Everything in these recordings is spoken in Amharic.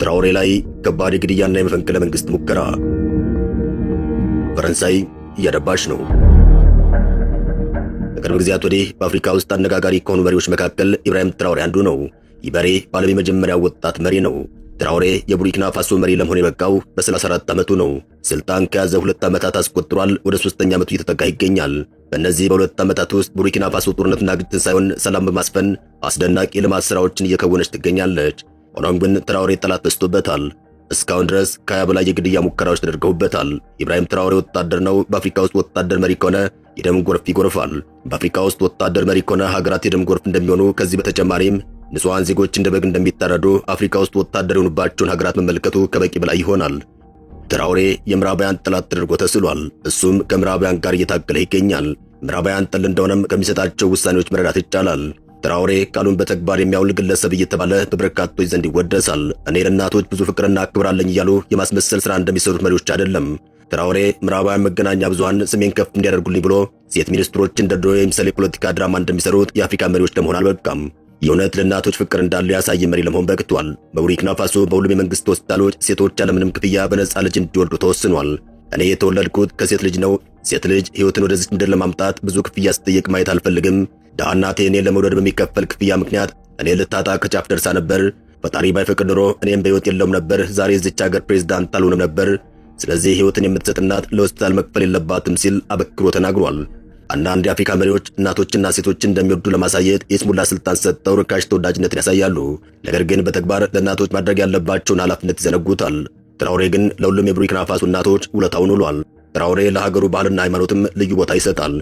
ትራውሬ ላይ ከባድ የግድያና የመፈንቅለ መንግስት ሙከራ። ፈረንሳይ እያደባች ነው። ከቅርብ ጊዜያት ወዲህ በአፍሪካ ውስጥ አነጋጋሪ ከሆኑ መሪዎች መካከል ኢብራሂም ትራውሬ አንዱ ነው። ይህ መሪ በዓለም የመጀመሪያ ወጣት መሪ ነው። ትራውሬ የቡርኪና ፋሶ መሪ ለመሆን የበቃው በ34 ዓመቱ ነው። ስልጣን ከያዘ ሁለት ዓመታት አስቆጥሯል። ወደ ሶስተኛ ዓመቱ እየተጠጋ ይገኛል። በእነዚህ በሁለት ዓመታት ውስጥ ቡርኪና ፋሶ ጦርነትና ግጭትን ሳይሆን ሰላም በማስፈን አስደናቂ ልማት ሥራዎችን እየከወነች ትገኛለች። ሆኖም ግን ትራውሬ ጠላት በስቶበታል። እስካሁን ድረስ ከሀያ በላይ የግድያ ሙከራዎች ተደርገውበታል። ኢብራሂም ትራውሬ ወታደር ነው። በአፍሪካ ውስጥ ወታደር መሪ ከሆነ የደም ጎርፍ ይጎርፋል። በአፍሪካ ውስጥ ወታደር መሪ ከሆነ ሀገራት የደም ጎርፍ እንደሚሆኑ፣ ከዚህ በተጨማሪም ንጹሐን ዜጎች እንደ በግ እንደሚታረዱ አፍሪካ ውስጥ ወታደር የሆኑባቸውን ሀገራት መመልከቱ ከበቂ በላይ ይሆናል። ትራውሬ የምዕራባውያን ጠላት ተደርጎ ተስሏል። እሱም ከምዕራባውያን ጋር እየታገለ ይገኛል። ምዕራባውያን ጠል እንደሆነም ከሚሰጣቸው ውሳኔዎች መረዳት ይቻላል። ትራውሬ ቃሉን በተግባር የሚያውል ግለሰብ እየተባለ በበርካቶች ዘንድ ይወደሳል። እኔ ለእናቶች ብዙ ፍቅርና ክብር አለኝ እያሉ የማስመሰል ሥራ እንደሚሰሩት መሪዎች አይደለም። ትራውሬ ምዕራባውያን መገናኛ ብዙሃን ስሜን ከፍ እንዲያደርጉልኝ ብሎ ሴት እንደ ድሮ የሚሰል የፖለቲካ ድራማ እንደሚሰሩት የአፍሪካ መሪዎች ለመሆን አልበቃም። የእውነት ለእናቶች ፍቅር እንዳለ ያሳየ መሪ ለመሆን በቅቷል። በቡርኪና ፋሶ በሁሉም የመንግስት ሆስፒታሎች ሴቶች ያለምንም ክፍያ በነፃ ልጅ እንዲወልዱ ተወስኗል። እኔ የተወለድኩት ከሴት ልጅ ነው። ሴት ልጅ ሕይወትን ወደዚች ምድር ለማምጣት ብዙ ክፍያ ስትጠየቅ ማየት አልፈልግም። ዳናቴ እኔን ለመውደድ በሚከፈል ክፍያ ምክንያት እኔ ልታጣ ከጫፍ ደርሳ ነበር። ፈጣሪ ባይፈቅድ ኖሮ እኔም በሕይወት የለውም ነበር። ዛሬ እዚች ሀገር ፕሬዝዳንት አልሆንም ነበር። ስለዚህ ሕይወትን የምትሰጥ እናት ለሆስፒታል መክፈል የለባትም ሲል አበክሮ ተናግሯል። አንዳንድ የአፍሪካ መሪዎች እናቶችና ሴቶች እንደሚወዱ ለማሳየት የስሙላ ስልጣን ሰጥተው ርካሽ ተወዳጅነትን ያሳያሉ። ነገር ግን በተግባር ለእናቶች ማድረግ ያለባቸውን ኃላፊነት ይዘነጉታል። ትራውሬ ግን ለሁሉም የቡርኪና ፋሶ እናቶች ውለታውን ውሏል። ትራውሬ ለሀገሩ ባህልና ሃይማኖትም ልዩ ቦታ ይሰጣል።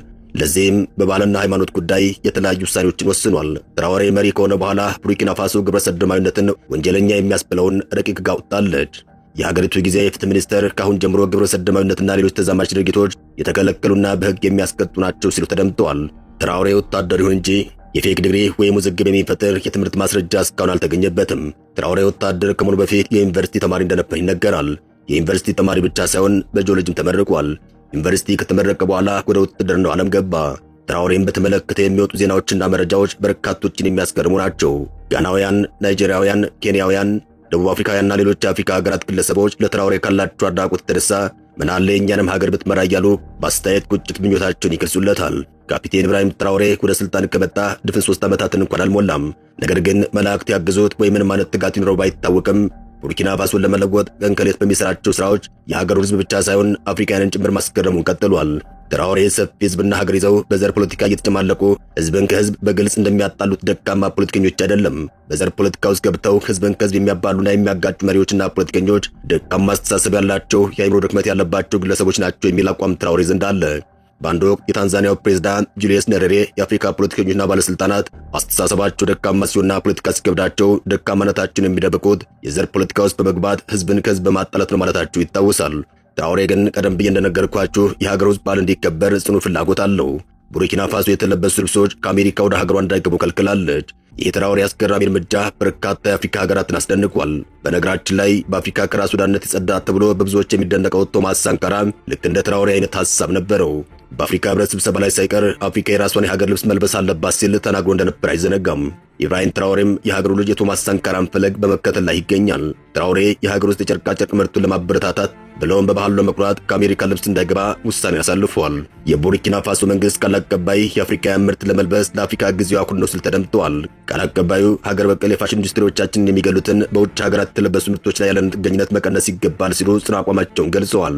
ለዚህም በባህልና ሃይማኖት ጉዳይ የተለያዩ ውሳኔዎችን ወስኗል። ትራኦሬ መሪ ከሆነ በኋላ ቡርኪና ፋሶ ግብረ ሰዶማዊነትን ወንጀለኛ የሚያስብለውን ረቂቅ ሕግ አውጥታለች። የሀገሪቱ ጊዜያዊ የፍትህ ሚኒስተር ከአሁን ጀምሮ ግብረ ሰዶማዊነትና ሌሎች ተዛማች ድርጊቶች የተከለከሉና በሕግ የሚያስቀጡ ናቸው ሲሉ ተደምጠዋል። ትራኦሬ ወታደር ይሁን እንጂ የፌክ ዲግሪ ወይም ውዝግብ የሚፈጥር የትምህርት ማስረጃ እስካሁን አልተገኘበትም። ትራውሬ ወታደር ከመሆኑ በፊት የዩኒቨርሲቲ ተማሪ እንደነበር ይነገራል። የዩኒቨርሲቲ ተማሪ ብቻ ሳይሆን በጂኦሎጂም ተመርቋል። ዩኒቨርሲቲ ከተመረቀ በኋላ ወደ ውትድርናው ዓለም ገባ። ትራውሬን በተመለከተ የሚወጡ ዜናዎችና መረጃዎች በርካቶችን የሚያስገርሙ ናቸው። ጋናውያን፣ ናይጄሪያውያን፣ ኬንያውያን፣ ደቡብ አፍሪካውያንና ሌሎች የአፍሪካ ሀገራት ግለሰቦች ለትራኦሬ ካላቸው አድናቆት የተነሳ ምናለ የእኛንም ሀገር ብትመራ እያሉ በአስተያየት ቁጭት ምኞታቸውን ይገልጹለታል። ካፒቴን ኢብራሂም ትራውሬ ወደ ስልጣን ከመጣ ድፍን ሶስት ዓመታትን እንኳን አልሞላም። ነገር ግን መላእክት ያግዙት ወይ ምንም አይነት ትጋት ይኖረው ባይታወቅም ቡርኪና ፋሶን ለመለወጥ ቀን ከሌት በሚሰራቸው ስራዎች የሀገሩ ህዝብ ብቻ ሳይሆን አፍሪካውያንን ጭምር ማስገረሙን ቀጥሏል። ትራኦሬ ሰፊ ህዝብና ሀገር ይዘው በዘር ፖለቲካ እየተጨማለቁ ህዝብን ከህዝብ በግልጽ እንደሚያጣሉት ደካማ ፖለቲከኞች አይደለም። በዘር ፖለቲካ ውስጥ ገብተው ህዝብን ከህዝብ የሚያባሉና የሚያጋጩ መሪዎችና ፖለቲከኞች ደካማ አስተሳሰብ ያላቸው፣ የአእምሮ ድክመት ያለባቸው ግለሰቦች ናቸው የሚል አቋም ትራኦሬ ዘንድ አለ። በአንድ ወቅት የታንዛኒያው ፕሬዝዳንት ጁልየስ ነረሬ የአፍሪካ ፖለቲከኞችና ባለስልጣናት አስተሳሰባቸው ደካማ ሲሆንና ፖለቲካ ሲከብዳቸው ደካማነታቸውን የሚደብቁት የዘር ፖለቲካ ውስጥ በመግባት ህዝብን ከህዝብ በማጣላት ነው ማለታቸው ይታወሳል። ትራውሬ ግን ቀደም ብዬ እንደነገርኳችሁ የሀገር ውስጥ በዓል እንዲከበር ጽኑ ፍላጎት አለው። ቡርኪና ፋሶ የተለበሱ ልብሶች ከአሜሪካ ወደ ሀገሯ እንዳይገቡ ከልክላለች። ይህ ትራውሬ አስገራሚ እርምጃ በርካታ የአፍሪካ ሀገራትን አስደንቋል። በነገራችን ላይ በአፍሪካ ከራስ ወዳድነት የጸዳ ተብሎ በብዙዎች የሚደነቀው ቶማስ ሳንካራ ልክ እንደ ትራውሬ አይነት ሀሳብ ነበረው። በአፍሪካ ህብረት ስብሰባ ላይ ሳይቀር አፍሪካ የራሷን የሀገር ልብስ መልበስ አለባት ሲል ተናግሮ እንደነበር አይዘነጋም። ኢብራሂም ትራውሬም የሀገሩ ልጅ የቶማስ ሳንካራን ፈለግ በመከተል ላይ ይገኛል። ትራውሬ የሀገር ውስጥ የጨርቃጨርቅ ምርቱን ለማበረታታት ብለውም በባህሉ ለመኩራት ከአሜሪካ ልብስ እንዳይገባ ውሳኔ አሳልፈዋል። የቡርኪና ፋሶ መንግስት ቃል አቀባይ የአፍሪካውያን ምርት ለመልበስ ለአፍሪካ ጊዜው አኩን ነው ሲል ተደምጠዋል። ቃል አቀባዩ ሀገር በቀል የፋሽን ኢንዱስትሪዎቻችንን የሚገሉትን በውጭ ሀገራት የተለበሱ ምርቶች ላይ ያለን ጥገኝነት መቀነስ ይገባል ሲሉ ጽኑ አቋማቸውን ገልጸዋል።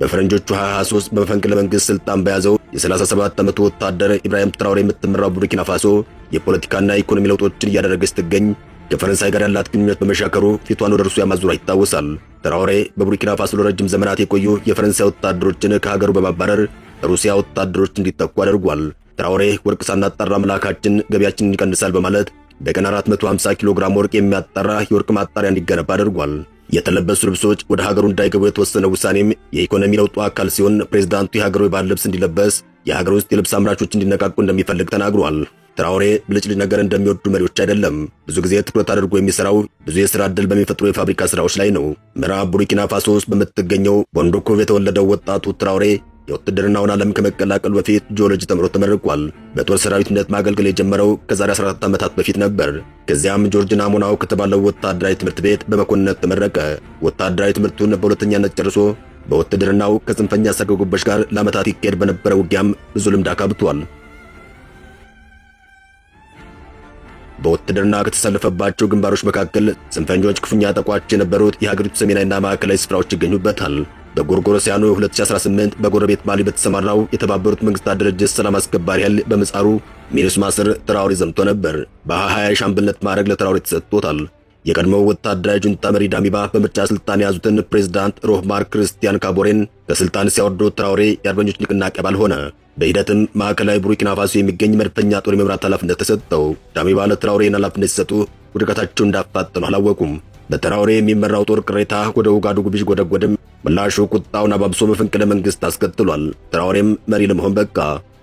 በፈረንጆቹ 23 በመፈንቅለ መንግስት ስልጣን በያዘው የ37 ዓመቱ ወታደር ኢብራሂም ትራውሬ የምትመራው ቡርኪና ፋሶ የፖለቲካና ኢኮኖሚ ለውጦችን እያደረገች ስትገኝ ከፈረንሳይ ጋር ያላት ግንኙነት በመሻከሩ ፊቷን ወደ እርሱ ያማዙራ ይታወሳል። ትራውሬ በቡርኪና ፋሶ ለረጅም ዘመናት የቆዩ የፈረንሳይ ወታደሮችን ከሀገሩ በማባረር ሩሲያ ወታደሮች እንዲጠቁ አድርጓል። ትራውሬ ወርቅ ሳናጣራ መላካችን ገቢያችንን ይቀንሳል በማለት በቀን 450 ኪሎ ግራም ወርቅ የሚያጣራ የወርቅ ማጣሪያ እንዲገነባ አድርጓል። የተለበሱ ልብሶች ወደ ሀገሩ እንዳይገቡ የተወሰነ ውሳኔም የኢኮኖሚ ለውጡ አካል ሲሆን ፕሬዝዳንቱ የሀገሩ የባህል ልብስ እንዲለበስ የሀገር ውስጥ የልብስ አምራቾች እንዲነቃቁ እንደሚፈልግ ተናግሯል። ትራውሬ ብልጭልጭ ነገር እንደሚወዱ መሪዎች አይደለም። ብዙ ጊዜ ትኩረት አድርጎ የሚሰራው ብዙ የሥራ ዕድል በሚፈጥሩ የፋብሪካ ሥራዎች ላይ ነው። ምዕራብ ቡርኪና ፋሶ ውስጥ በምትገኘው ቦንዶኮቭ የተወለደው ወጣቱ ትራውሬ የውትድርናውን ዓለም ከመቀላቀሉ በፊት ጂኦሎጂ ተምሮ ተመርቋል። በጦር ሰራዊትነት ማገልገል የጀመረው ከዛሬ 14 ዓመታት በፊት ነበር። ከዚያም ጆርጅ ናሙናው ከተባለው ወታደራዊ ትምህርት ቤት በመኮንነት ተመረቀ። ወታደራዊ ትምህርቱን በሁለተኛነት ጨርሶ በውትድርናው ከጽንፈኛ ሰገጎበሽ ጋር ለዓመታት ይካሄድ በነበረ ውጊያም ብዙ ልምድ አካብቷል። በውትድርና ከተሰለፈባቸው ግንባሮች መካከል ጽንፈኞች ክፉኛ ጠቋች የነበሩት የሀገሪቱ ሰሜናዊና ማዕከላዊ ስፍራዎች ይገኙበታል። በጎርጎሮሲያኑ 2018 በጎረቤት ማሊ በተሰማራው የተባበሩት መንግስታት ድርጅት ሰላም አስከባሪ ኃይል በምጻሩ ሚኒስማ ስር ትራውሬ ዘምቶ ነበር። በ20 የሻምበልነት ማዕረግ ለትራውሬ ተሰጥቶታል። የቀድሞው ወታደራዊ ጁንታ መሪ ዳሚባ በምርጫ ስልጣን የያዙትን ፕሬዝዳንት ሮህማር ክርስቲያን ካቦሬን ከስልጣን ሲያወርዱ ትራውሬ የአርበኞች ንቅናቄ አባል ሆነ። በሂደትም ማዕከላዊ ቡርኪና ፋሶ የሚገኝ መድፈኛ ጦር የመምራት ኃላፊነት ተሰጠው። ዳሚባ ለትራውሬን ኃላፊነት ሲሰጡ ውድቀታቸው እንዳፋጠኑ አላወቁም። በተራውሬ የሚመራው ጦር ቅሬታ ወደ ውጋዱጉ ቢዥጎደጎድም ምላሹ ቁጣውን አባብሶ መፈንቅለ መንግስት አስከትሏል። ተራውሬም መሪ ለመሆን በቃ።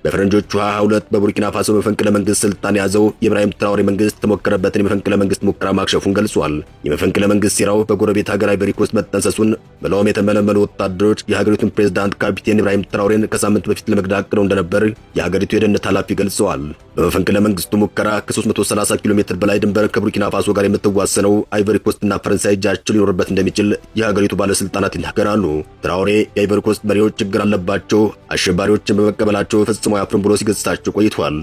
በፈረንጆቹ 22 በቡርኪና ፋሶ መፈንቅለ መንግስት ስልጣን የያዘው የኢብራሂም ትራውሬ መንግስት ተሞከረበትን የመፈንቅለ መንግስት ሙከራ ማክሸፉን ገልጿል። የመፈንቅለ መንግስት ሴራው በጎረቤት ሀገር አይቨሪኮስት ኮስት መጠንሰሱን፣ በለውም የተመለመሉ ወታደሮች የሀገሪቱን ፕሬዝዳንት ካፒቴን ኢብራሂም ትራውሬን ከሳምንት በፊት ለመግደል አቅደው እንደነበር የሀገሪቱ የደህንነት ኃላፊ ገልጸዋል። በመፈንቅለ መንግስቱ ሙከራ ከ330 ኪሎ ሜትር በላይ ድንበር ከቡርኪና ፋሶ ጋር የምትዋሰነው አይቮሪ ፈረንሳይ እጃቸው ሊኖርበት እንደሚችል የሀገሪቱ ባለስልጣናት ይናገራሉ። ትራውሬ የአይቮሪ ኮስት መሪዎች ችግር አለባቸው፣ አሸባሪዎችን በመቀበላቸው ፈጽሞ ሙያ ፕሮም ብሎ ሲገጽታቸው ቆይቷል።